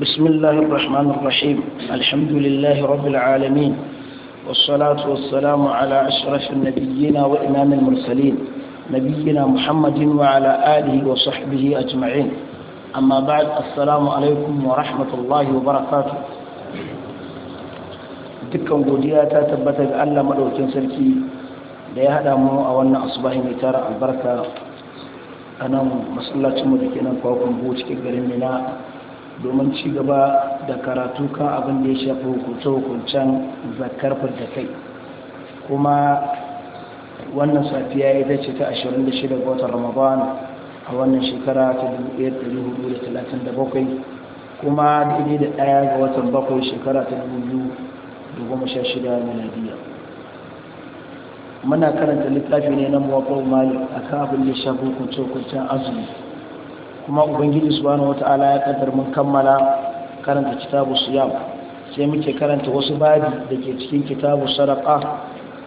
بسم الله الرحمن الرحيم الحمد لله رب العالمين والصلاة والسلام على أشرف النبيين وإمام المرسلين نبينا محمد وعلى آله وصحبه أجمعين أما بعد السلام عليكم ورحمة الله وبركاته dukkan godiya ta ألا ga تنسلكي madaukin sarki da ya hada mu a wannan asbahi mai tara albarka domin ci gaba da karatu kan abin da ya shafi hukunce-hukuncen zakar da kai kuma wannan safiya ita ce ta 26 ga watan ramadan a wannan shekara ta 1437 kuma daidai da ɗaya ga watan bakwai shekara ta 2016 miladiya muna karanta littafi ne na mawakon mali a kan abin da shafi hukunce-hukuncen azumi kuma ubangiji subhanahu wata'ala ya kaddar mun kammala karanta kitabu siyam sai muke karanta wasu babi da ke cikin kitabu sadaqa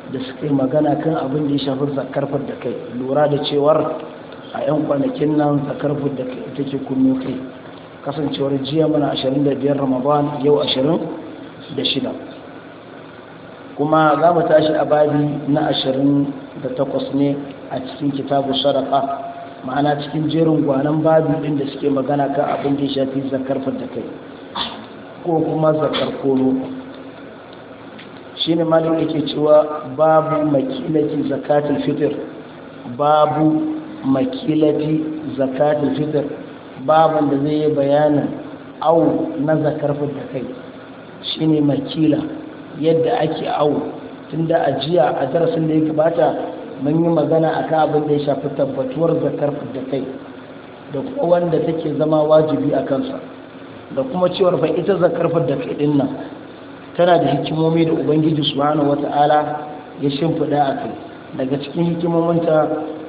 da suke magana kan abin da ya shafi zakar da kai lura da cewar a yan kwanakin nan zakar da kai take kunno kai kasancewar jiya muna 25 ramadan yau 26 kuma za mu tashi a babi na 28 ne a cikin kitabu sadaqa ma'ana cikin jerin gwanan babu ɗin da suke magana ka abin da ya shafi zakar da kai ko kuma zakar kono shi ne da ke cewa babu makilati zakatul fitr babu makilati zakatul fitr babu da zai yi bayanin na zakar da kai shi makila yadda ake awo tunda ajiya a darasin da ya gabata mun yi magana a akan abin da ya shafi tabbatuwar zakar da kai da kuma wanda take zama wajibi a kansa da kuma cewar fa ita zakar da kai din nan tana da hikimomi da ubangiji subhanahu wata'ala ya shimfida a kai daga cikin hikimominta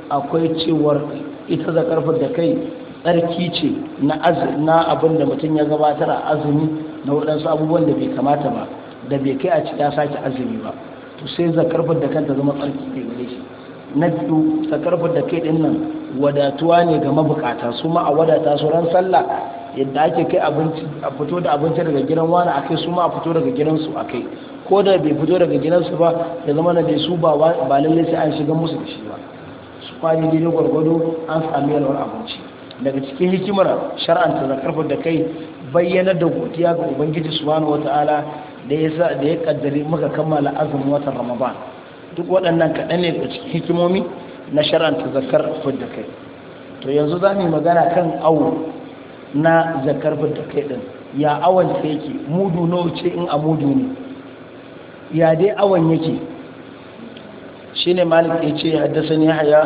akwai cewar ita zakar da kai tsarki ce na abin da mutum ya gabatar a azumi na waɗansu abubuwan da bai kamata ba da bai kai a ciki ya sake azumi ba to sai zakarfar da kanta zama tsarki ke gare shi na biyu sakarfar da kai din nan wadatuwa ne ga mabukata su ma a wadata su ran sallah yadda ake kai abinci a fito da abinci daga gidan wani a kai su ma a fito daga gidansu a kai ko da bai fito daga gidansu ba ya zama na bai su ba lalle sai an shiga musu da shi ba su kwani daidai gwargwado an sami yalwar abinci daga cikin hikimar shar'anta karfe da kai bayyanar da godiya ga ubangiji subhanahu wataala da ya kaddare muka kammala azumin watan ramadan duk waɗannan kaɗan ne da cikin hikimomi na ta zakar fidda kai to yanzu za mu magana kan awo na zakar fidda kai ɗin ya awon ta yake mudu nawa ce in a mudu ne ya dai awon yake shine malik ya ce haddasa ne haya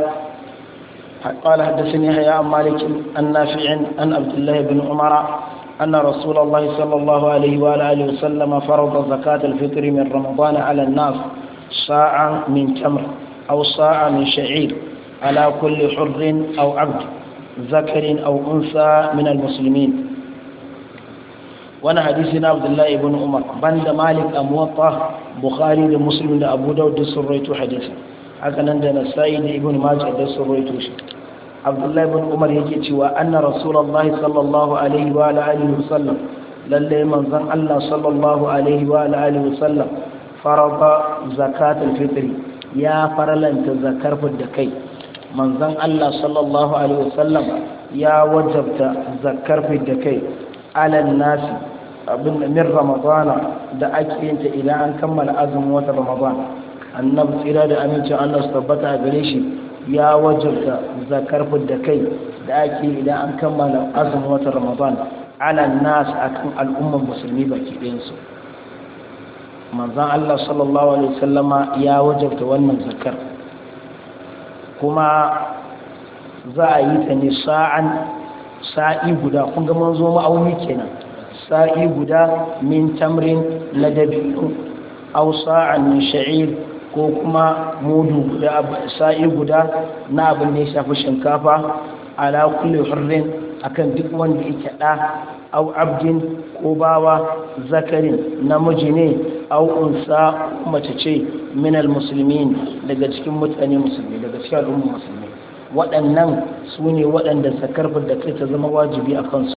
قال حدثني يحيى عن مالك عن نافع عن عبد الله بن عمر أن رسول الله صلى الله عليه وآله وسلم فرض زكاة الفطر من رمضان على الناس صاعا من تمر أو صاعا من شعير على كل حر أو عبد ذكر أو أنثى من المسلمين وانا حديثنا عبد الله بن عمر بند مالك أموطة بخاري ومسلم أبو داود سرويت حديثا هكذا عندنا سعيد ابن ماجه سرويت عبد الله بن عمر yake cewa الله rasulullahi sallallahu alaihi wa وسلم wasallam ظن manzon صلى الله عليه وعلى آله وسلم farada zakatul fitri ya faralanta zakar da kai manzon Allah sallallahu alaihi wasallam ya wajabta zakar da kai alal nasi abin min ramadana da ake yin ta idan an kammala azumin wata Ramadan. annabi tsira da amincin Allah su tabbata a gare shi ya wajabta zakar da kai da ake idan an kammala azumin wata Ramadan. ala nas akan al'ummar musulmi baki ɗayansu su manzan Allah sallallahu alaihi wasallama ya wajabta wannan zakar kuma za a yi ta ne sa'an sa'i guda kun ga manzo ma'auni kenan sa'i guda min tamrin na dabino au sa'an min sha'ir ko kuma mudu guda sa'i guda na abin da ya shafi shinkafa ala kulli hurrin akan duk wanda ya ɗa au abdin ko bawa zakarin namiji ne au unsa mace ce minal musulmin daga cikin mutane musulmi daga cikin al'umma musulmi waɗannan su ne waɗanda sakarfar da kai ta zama wajibi a kansu